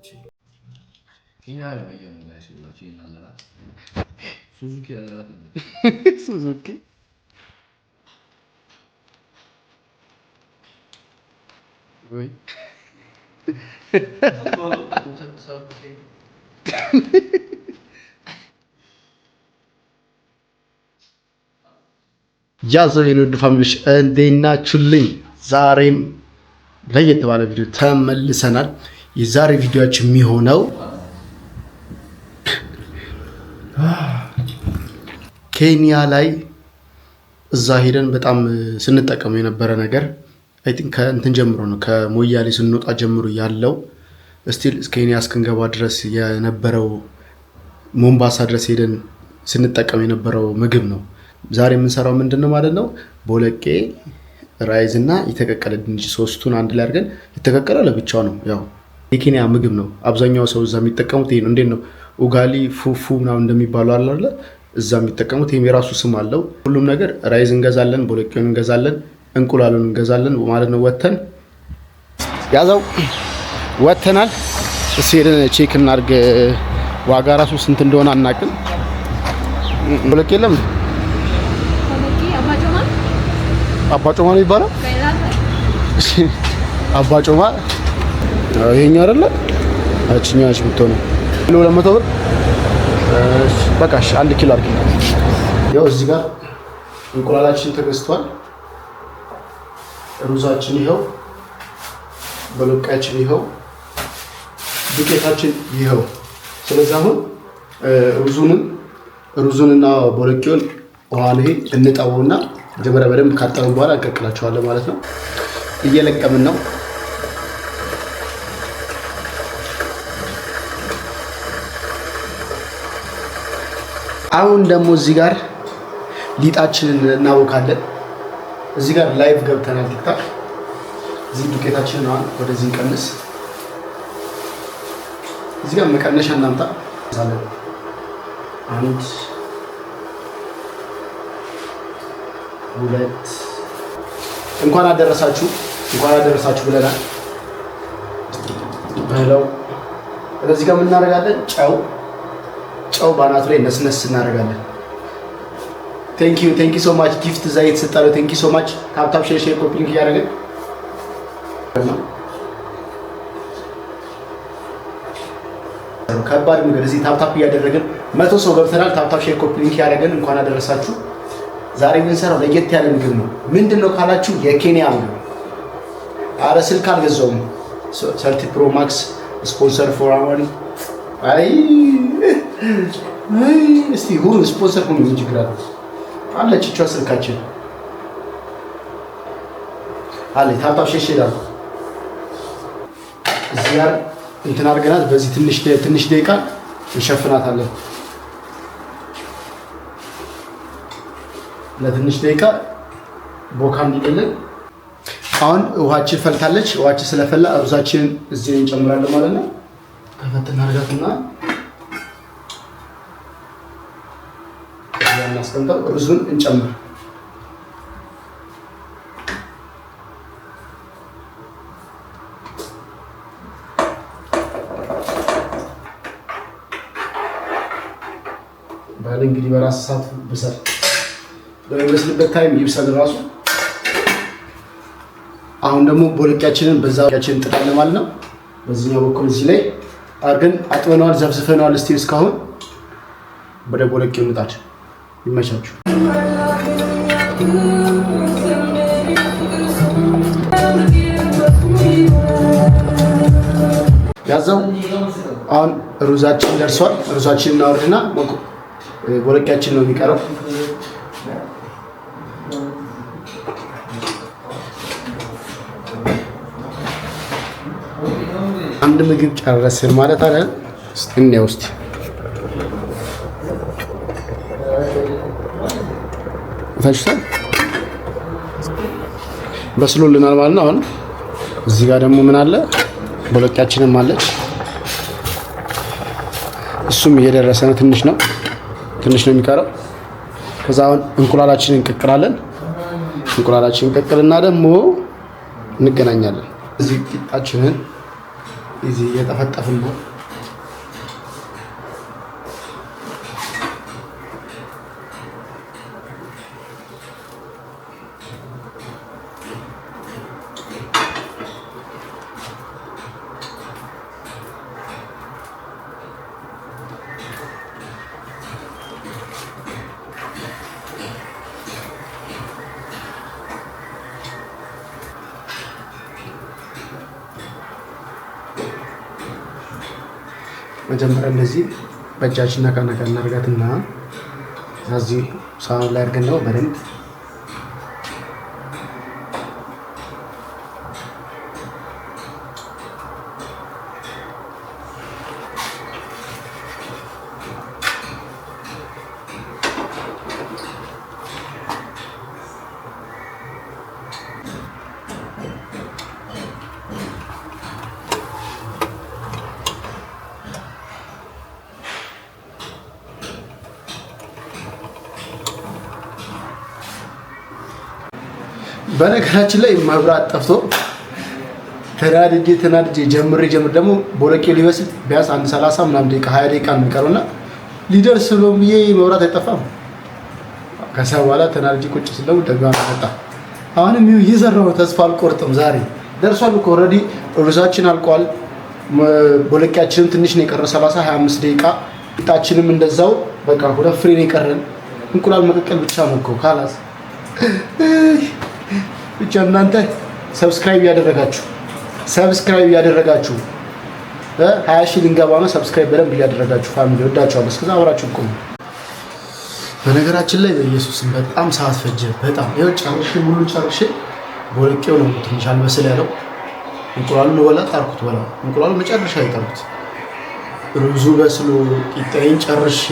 ሱዙኪ ያ ዘቤን ወደ ፋሚሊዎች እንዴት ናችሁልኝ? ዛሬም ለየት ባለ ቪዲዮ ተመልሰናል። የዛሬ ቪዲዮችን የሚሆነው ኬንያ ላይ እዛ ሄደን በጣም ስንጠቀም የነበረ ነገር ከእንትን ጀምሮ ነው ከሞያሌ ስንወጣ ጀምሮ ያለው ስቲል ኬንያ እስክንገባ ድረስ የነበረው ሞምባሳ ድረስ ሄደን ስንጠቀም የነበረው ምግብ ነው። ዛሬ የምንሰራው ምንድን ነው ማለት ነው? ቦለቄ ራይዝ እና የተቀቀለ ድንች ሶስቱን አንድ ላይ አድርገን የተቀቀለ ለብቻው ነው ያው የኬንያ ምግብ ነው። አብዛኛው ሰው እዛ የሚጠቀሙት ይሄ ነው። እንዴት ነው ኡጋሊ ፉፉ ምናምን እንደሚባለው አላለ እዛ የሚጠቀሙት ይህም የራሱ ስም አለው። ሁሉም ነገር ራይዝ እንገዛለን፣ ቦሎቄውን እንገዛለን፣ እንቁላሉን እንገዛለን ማለት ነው። ወተን ያዘው ወተናል። እስኪ ሄደን ቼክ እናድርግ። ዋጋ ራሱ ስንት እንደሆነ አናውቅም። ቦሎቄ የለም አባጮማ ነው ይባላል። አባጮማ ይሄኛው አይደለ አችኛ አች ብትሆነ ኪሎ ለመቶ ብር በቃ እሺ፣ አንድ ኪሎ አድርግ። ያው እዚህ ጋር እንቁላላችን ተገዝቷል። ሩዛችን ይኸው፣ በሎቃችን ይኸው፣ ዱቄታችን ይኸው። ስለዚህ አሁን ሩዙንን ሩዙንና ቦሎቄውን ውሃ ላይ እንጠበውና ጀበረ በደንብ ካጠብን በኋላ እንቀቅላቸዋለን ማለት ነው። እየለቀምን ነው አሁን ደግሞ እዚህ ጋር ሊጣችንን እናቦካለን። እዚህ ጋር ላይቭ ገብተናል ቲክታክ። እዚህ ዱቄታችንን አሁን ወደዚህ እንቀንስ። እዚህ ጋር መቀነሻ እናምጣ። አንድ ሁለት እንኳን አደረሳችሁ እንኳን አደረሳችሁ ብለናል። በለው እዚህ ጋር የምናደርጋለን ጨው ጨው ባናቱ ላይ ነስነስ እናደርጋለን። ቴንኪዩ ዩ ሶ ማች ጊፍት እዛ እየተሰጣለው። ዩ ሶ ማች ታፕታፕ ሼር ሼር ኮፒ ሊንክ እያደረገ ከባድ ነገር እዚህ ታፕታፕ እያደረግን መቶ ሰው ገብተናል። ታፕታፕ ሼር ኮፒ ሊንክ እያደረግን እንኳን አደረሳችሁ። ዛሬ የምንሰራው ለየት ያለ ምግብ ነው። ምንድን ነው ካላችሁ የኬንያ ምግብ። አረ ስልክ አልገዛውም። ሰርቲ ፕሮ ማክስ ስፖንሰር ፎር አይ እስቲ ሁን ስፖንሰር ሁኑ እንጂ ግራ አለች። እቿ ስልካችን አለ ታጣ ሸሽ ይላል። እዚህ ጋር እንትን አድርገናት በዚህ ትንሽ ትንሽ ደቂቃ እንሸፍናታለን። ለትንሽ ደቂቃ ቦካ እንዲልልን አሁን ውሃችን ፈልታለች። ውሃችን ስለፈላ ሩዛችንን እዚህ እንጨምራለን ማለት ነው። ከፈት እናደርጋትና አስቀምጠን ሩዙን እንጨምር። ባል እንግዲህ በራስ እሳት ብሰል በሚመስልበት ታይም ይብሰል ራሱ። አሁን ደግሞ ቦሎቄያችንን በዛ ችን እንጥዳለን ማለት ነው። በዚህኛው በኩል እዚህ ላይ አድርገን አጥበነዋል፣ ዘፍዝፈነዋል። እስቲ እስካሁን ወደ ቦለቄ እንጣድ። ይመቻችሁ። ያዘው አሁን ሩዛችን ደርሷል። ሩዛችን እናወርድና ቦለቂያችን ነው የሚቀረው። አንድ ምግብ ጨረስን ማለት አለ። እኔ ውስጥ ፈጭተን በስሎልናል ማለት ነው። አሁን እዚህ ጋር ደግሞ ምን አለ ቦሎቂያችንም አለች። እሱም እየደረሰ ነው። ትንሽ ነው ትንሽ ነው የሚቀረው። ከዛ አሁን እንቁላላችንን እንቀቅላለን። እንቁላላችንን እንቀቅልና ደግሞ እንገናኛለን። እዚህ ቂጣችንን እዚህ እየጠፈጠፍን ነው መጀመሪያ እንደዚህ በእጃችን ነካ ነካ እናደርጋትና እዚህ ሳህን ላይ አድርገን ደግሞ በደንብ በነገራችን ላይ መብራት ጠፍቶ ተናድጄ ተናድጄ ጀምሬ ጀምር ደግሞ ቦለቄ ሊበስል ቢያንስ አንድ ሰላሳ ምናምን ደቂቃ ሀያ ደቂቃ ነው የሚቀረው እና ሊደርስ ብሎ ብዬ መብራት አይጠፋም። ከዛ በኋላ ተናድጄ ቁጭ ስለው ደግማ መጣ። አሁንም ይኸው እየዘራሁ ተስፋ አልቆርጥም። ዛሬ ደርሷል እኮ ኦልሬዲ ሩዛችን አልቋል። ቦለቄያችንም ትንሽ ነው የቀረ ሰላሳ ሀያ አምስት ደቂቃ ጣችንም እንደዛው በቃ ሁለት ፍሬ ነው የቀረን። እንቁላል መቀቀል ብቻ ነው እኮ ካላስ ብቻ እናንተ ሰብስክራይብ ያደረጋችሁ ሰብስክራይብ ያደረጋችሁ ሀያ ሺህ ልንገባ ነው። ሰብስክራይብ በደንብ እያደረጋችሁ ፋሚሊ ወዳችኋለሁ። እስከዛ አብራችሁ ቆሙ። በነገራችን ላይ በኢየሱስን በጣም ሰዓት ፈጀ። በጣም ይኸው ጨርሼ ሙሉ ጨርሼ ቦለቄው ነው ትንሽ አልበስል ያለው እንቁላሉ በላ ጣርኩት፣ በላ እንቁላሉ መጨረሻ የጣርኩት ሩዙ በስሎ ቂጣዬን ጨርሼ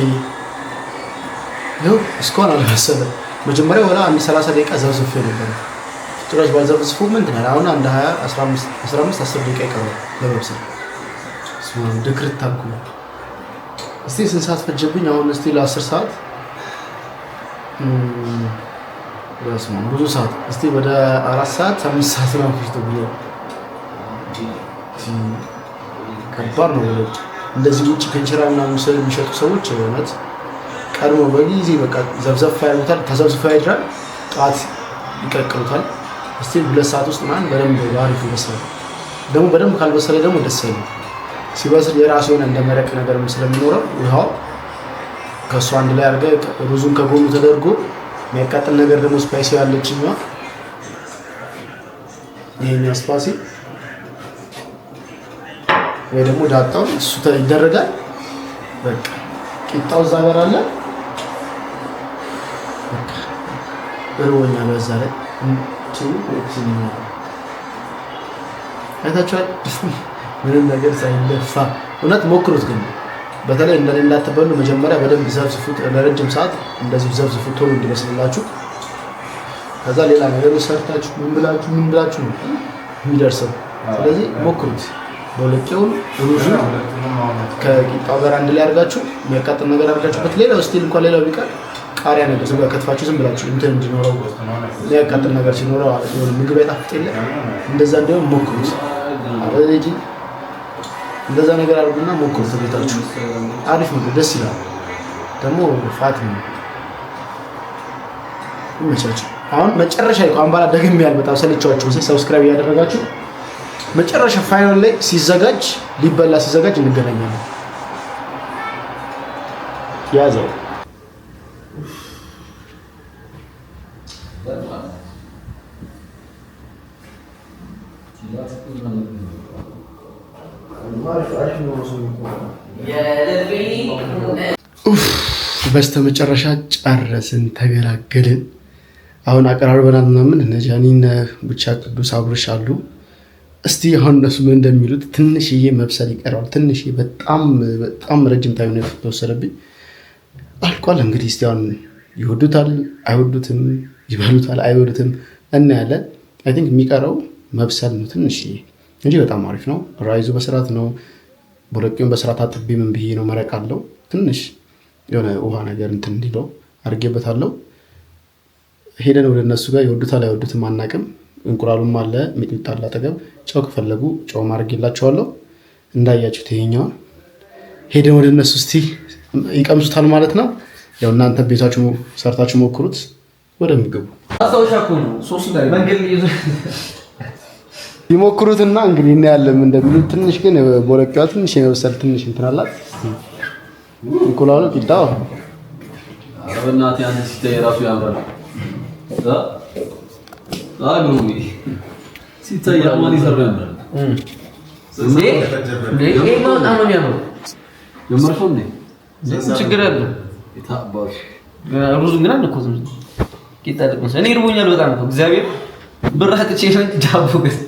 ይኸው እስካሁን አልበሰለም። መጀመሪያ ወላ አንድ ሰላሳ ደቂቃ ዘብዝፌ ነበር። ጭራሽ ባይዘር ጽፉ ምንድን ነው አሁን አንድ 20 15 10 ደቂቃ ይቀራል ለመብሰል። ድክርት ታኩ እስቲ ስንት ሰዓት ፈጀብኝ? አሁን እስቲ ለ10 ሰዓት በስመ ብዙ ሰዓት እስቲ ወደ 4 ሰዓት 5 ሰዓት ነው ፍሽቶ ብሎ ከባድ ነው። እንደዚህ ውጭ ከእንጀራ ምናምን ስል የሚሸጡ ሰዎች እውነት ቀድሞ በጊዜ በቃ ዘብዘፋ ያሉታል። ተዘብዝፋ ያድራል። ጣት ይቀቅሉታል። ስቲል ሁለት ሰዓት ውስጥ ምናምን በደንብ በአሪፍ ይበስላል። ደግሞ በደንብ ካልበሰለ ደግሞ ደስ አይልም። ሲበስል የራሱ የሆነ እንደ መረቅ ነገር ስለሚኖረው ውሃው ከእሱ አንድ ላይ አድርገህ ሩዙን ከጎኑ ተደርጎ የሚያቃጥል ነገር ደግሞ ስፓይሲ ያለችኛ ይህኛ ስፓሲ ወይ ደግሞ ዳጣው እሱ ይደረጋል። በቃ ቂጣው እዛ ጋር አለ። እርቦኛል በዛ ላይ አጭሩ ሪክሽን አይታችኋል። ምንም ነገር ሳይለፋ እውነት ሞክሩት። ግን በተለይ እንደኔ እንዳትበሉ መጀመሪያ በደንብ ዘብዝፉት፣ ለረጅም ሰዓት እንደዚህ ዘብዝፉት ቶሎ እንዲመስልላችሁ። ከዛ ሌላ ነገር ሰርታችሁ ምን ብላችሁ ምን ብላችሁ ነው የሚደርሰው። ስለዚህ ሞክሩት። በሁለቄውን ሩዙ ከቂጣው ጋር አንድ ላይ አድርጋችሁ የሚያቃጥል ነገር አድርጋችሁበት ሌላው ስቲል እንኳን ሌላው ቢቀር ቃሪያ ነገር ዝም ብላ ከትፋችሁ ዝም ብላችሁ እንትን እንዲኖረው ሊያቃጥል ነገር ሲኖረው የሆነ ምግብ ያጣፍጥ የለ እንደዛ እንዲሆን ሞክሩት። አረጂ እንደዛ ነገር አድርጉና ሞክሩት ቤታችሁ። አሪፍ ምግብ ደስ ይላል። ደግሞ ፋት ነው ይመቻችሁ። አሁን መጨረሻ አሁን ባላ ደግም ያል በጣም ሰለቻችሁ። ሰብስክራይብ እያደረጋችሁ መጨረሻ ፋይናል ላይ ሲዘጋጅ ሊበላ ሲዘጋጅ እንገናኛለን። ያዘው በስተ ጨረስን፣ ተገላገልን። አሁን አቀራርበናል ምናምን እነ ጃኒ እነ ብቻ ቅዱስ አብርሽ አሉ። እስቲ አሁን እነሱ ምን እንደሚሉት ትንሽዬ መብሰል ይቀረዋል። ትንሽዬ በጣም በጣም ረጅም ታይም ነው የተወሰደብኝ። አልቋል እንግዲህ እስቲ አሁን ይወዱታል አይወዱትም፣ ይበሉታል አይበሉትም እናያለን። አይ ቲንክ የሚቀረው መብሰል ነው ትንሽዬ እንጂ በጣም አሪፍ ነው። ራይዙ በስርዓት ነው። ቦለቄውን በስርዓት አጥቤ ምን ብዬ ነው መረቅ አለው ትንሽ የሆነ ውሃ ነገር እንትን እንዲለው አድርጌበታለሁ። ሄደን ወደ እነሱ ጋር የወዱታል አይወዱትም አናቅም። እንቁላሉም አለ ሚጥሚጣ አለ አጠገብ። ጨው ከፈለጉ ጨው አድርጌላቸዋለሁ እንዳያችሁት ይሄኛውን ሄደን ወደ እነሱ እስቲ ይቀምሱታል ማለት ነው። ያው እናንተ ቤታችሁ ሰርታችሁ ሞክሩት። ወደ ምግቡ ይሞክሩትና እንግዲህ እናያለን እንደሚሉት። ትንሽ ግን ሞለቂያዋ ትንሽ የመብሰል ትንሽ እንትን አላት። እንቁላሉ ቂጣው ሩዙ ግን በጣም እግዚአብሔር ብር አጥቼ ዳቦ ገዝተህ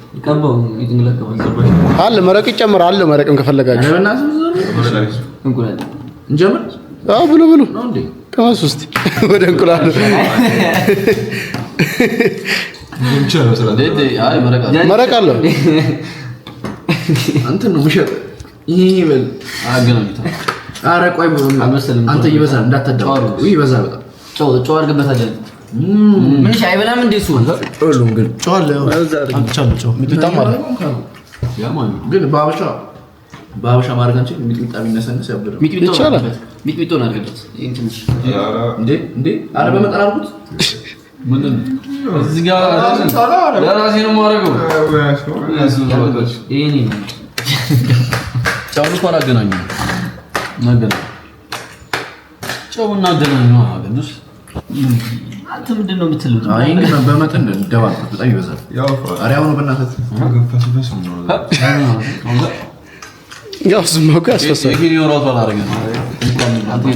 አለ መረቅ ይጨምር አለ መረቅም ከፈለጋችሁ አዎ ብሉ ብሉ ከማስ ውስጥ ወደ እንቁላል መረቅ አለው እንትን ነው ምሸጥ ይሄ ይበል አገናኝታ ኧረ ቆይ አንተ ይበዛል እንዳታዳው ይበዛል በጣም ጨው ጨው ምን ሻይ በላም እንደ እሱ ግን በአበሻ በአበሻ ማድረግ አንችልም። ሚጥሚጣ ቢነሰንስ ያብራል። ሚጥሚጣ ሚጥሚጣ ነው አድርገለት። ይሄን እንዴ እንዴ አረ በመጠን አድርጉት። እዚህ ጋር ለራሴ ነው የማደርገው። አንተ ምንድን ነው የምትሉት? አይ እንግዲህ በመጠን ደባ በጣም ይበዛል። ያው አሪያው ነው በእናትህ ያው ዝም ብሎ ያስፈሳል። ይሄ ነው ራሱ አላረገ እንደዚህ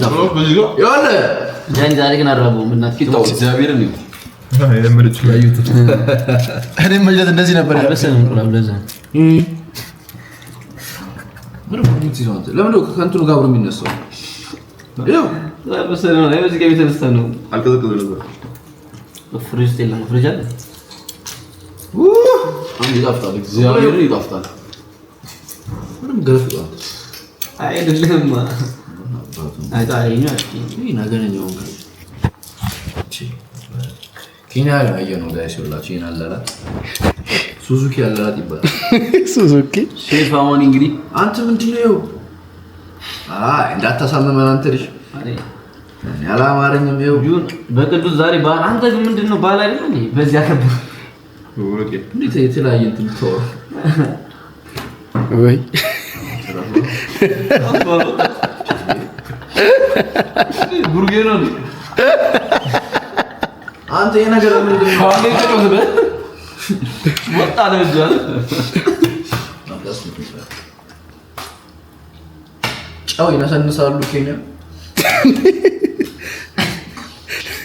ነበር ለምን ከእንትኑ ጋር አብሮ የሚነሳው Sabe você não lembra de quem me entrevistando? Arkada kalırız bak. O Fruz değil lan. Fruz abi. Uuu. Hangi laftalık? Ziya yürü laftan. Benim grafik var. Hayır dedim ma. Hayır daha yeni açtım. İyi ne gene diyorum kardeşim. Kinara yiyorsun o da yaşıyorlar Çinallara. Suzuki yerlere değil bana. Suzuki? Şey falan İngiliz. Antı mıntı yok. Aa, en de hatta sandım ben antı Hadi. ያላማረኝም ይኸው በቅዱስ ዛሬ በዓል። አንተ ግን ምንድን ነው በዓል አይደለም እንዴ? በዚህ አከብር እንዴት የተለያየ እንትን ብታወራ ወይ ጉርጌ ነው አንተ። ይሄ ነገር ምንድን ነው? ወጣ ነው ጨው ይነሰንሳሉ ኬንያ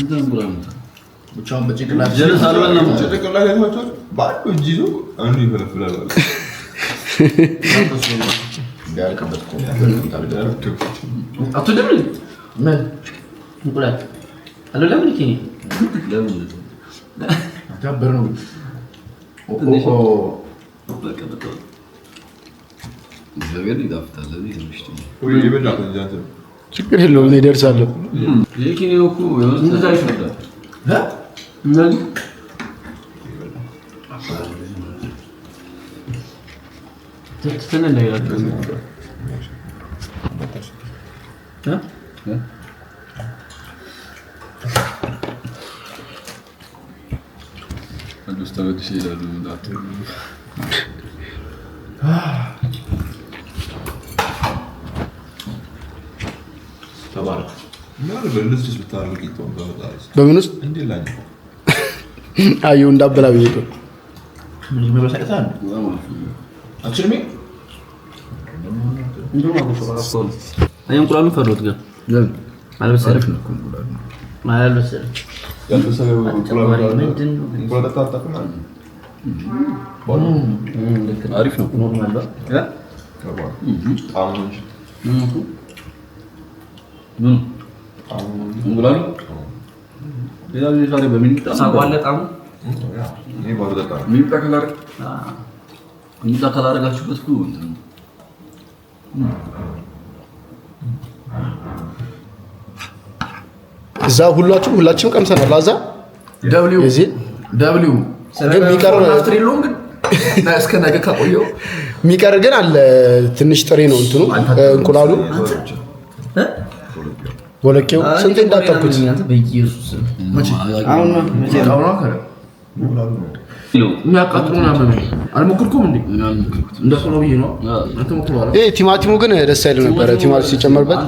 Buranın. Jere sarvan nam. Jere kollar geldi maçlar. Bak bu cino anlıyor falan filan var. Gel kapat konu. Tabii de. Atı değil mi? Ne? Bırak. Alo lan mı ki? Lan mı? Ya berno. O o o. Bırak kapat. Zaver değil haftaları yemiştim. Uyuyor ben yaptım zaten. ችግር የለውም። እኔ እደርሳለሁ። በምን ውስጥ አየሁ እንዳበላ ብዬ እንቁላሉ አልበሰለም። አሪፍ ነው። ኖርማል እንቁላሉ ሌላ እዛ ሁላችሁ ሁላችንም ቀምሰናል። አዛ ግን የሚቀር ግን አለ። ትንሽ ጥሬ ነው እንትኑ እንቁላሉ ወለቄው ስንት እንዳጠብኩት ቲማቲሙ ግን ደስ አይልም ነበረ። ቲማቲም ሲጨመርበት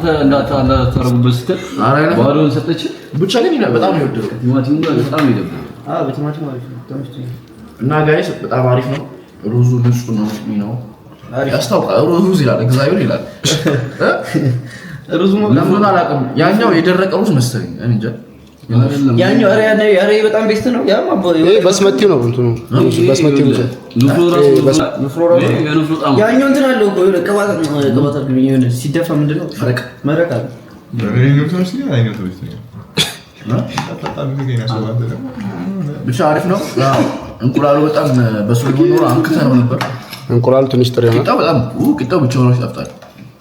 እና ጋይስ በጣም አሪፍ ነው። ሩዙ ንጹህ ነው ነው ያስታውቃል። ሩዝ ይላል እግዚአብሔር ይላል ለምን አላውቅም። ያኛው የደረቀ ሩዝ መሰለኝ እንጃ። ያኛው በጣም ቤስት ነው። ያ ነው እንትኑ ነው። ያኛው እንትን አለው እኮ ነው አሪፍ በሱ አንክተ ነው ነበር። እንቁላሉ ትንሽ ጥሬ ነው። በጣም ቂጣው ብቻ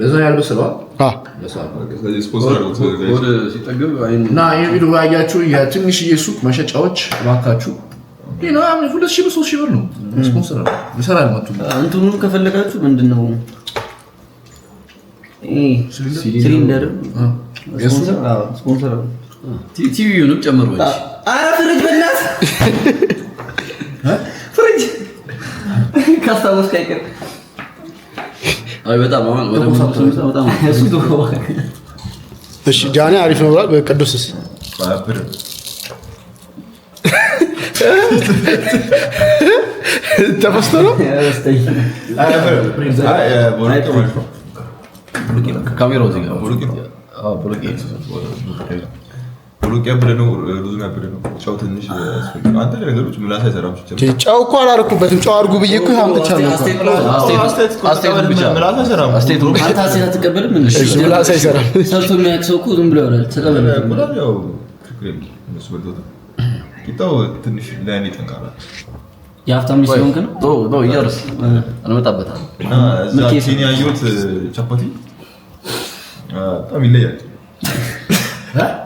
ለዛ ያልበስለዋል እና ይህ ቪዲዮ ያያችሁ የትንሽዬ ሱቅ መሸጫዎች እባካችሁ ሁለት ሺህ ብር ሶስት ሺህ ብር ነው ስፖንሰር ይሰራል። እንትኑን ከፈለጋችሁ ምንድን ነው ሲሊንደር ስፖንሰር ቲቪውንም ጨምሮ ኧረ ፍርጅ በእናትህ ፍርጅ ካስታወስክ አይቀር እሺ ጃኒ አሪፍ ነው ብሏል። ቅዱስስ ተፈስቶ ነው ካሜራው ነው፣ ያብለነው ያበደ ነው። ጨው ትንሽ አንተ ነገሮች ምላስ አይሰራም። ጨው እኮ አላደረኩበትም። ጨው አድርጉ ብዬ እኮ አምጥቻለሁ። እኮ ዝም ነው። ያየሁት ቻፓቲ በጣም ይለያል።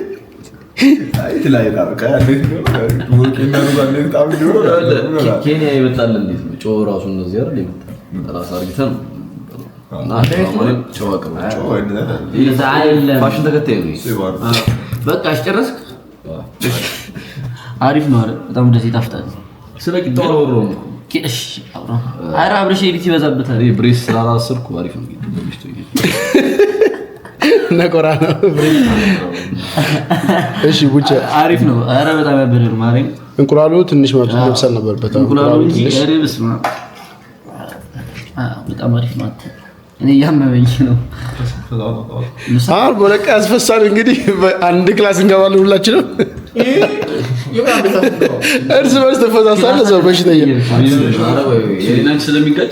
ኬንያ አሪፍ ነው በጣም ደስ ይጣፍጣል። ስለ ቂጣው ወሮ ነው። አብረሽ ኤዲት ይበዛበታል። ብሬስ ስላላሰርኩ አሪፍ ነው። ነቆራ ነው። እሺ ቡቼ አሪፍ ነው። ኧረ በጣም ያበደር ማርያም። እንቁላሉ ትንሽ ማለት መብሰል ነበረበት። እንቁላሉ ትንሽ በጣም አሪፍ ነው። እኔ እያመመኝ ነው። አሁን በለቃ ያስፈሳል። እንግዲህ አንድ ክላስ እንገባለን ሁላችንም እርስ በርስ ተፈዛሳለ ሰው በሽተኛ ስለሚጋጭ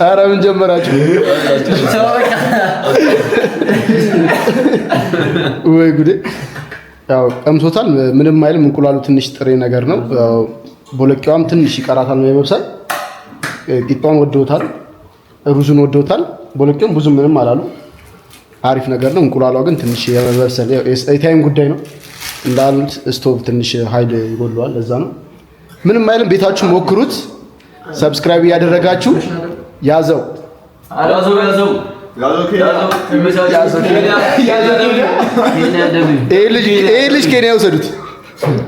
ኧረ ምን ጀመራችሁ? ወይ ጉዴ! ያው ቀምሶታል፣ ምንም አይልም። እንቁላሉ ትንሽ ጥሬ ነገር ነው። ቦለቄዋም ትንሽ ይቀራታል ነው የመብሰል። ቂጧን ወደውታል፣ ሩዙን ወደውታል። ቦለቄውም ብዙ ምንም አላሉ። አሪፍ ነገር ነው። እንቁላሏ ግን ትንሽ የመብሰል የታይም ጉዳይ ነው እንዳሉት። ስቶቭ ትንሽ ኃይል ይጎለዋል። ለዛ ነው። ምንም አይልም። ቤታችሁ ሞክሩት። ሰብስክራይብ እያደረጋችሁ ያዘው ይህ ልጅ ኬንያ የወሰዱት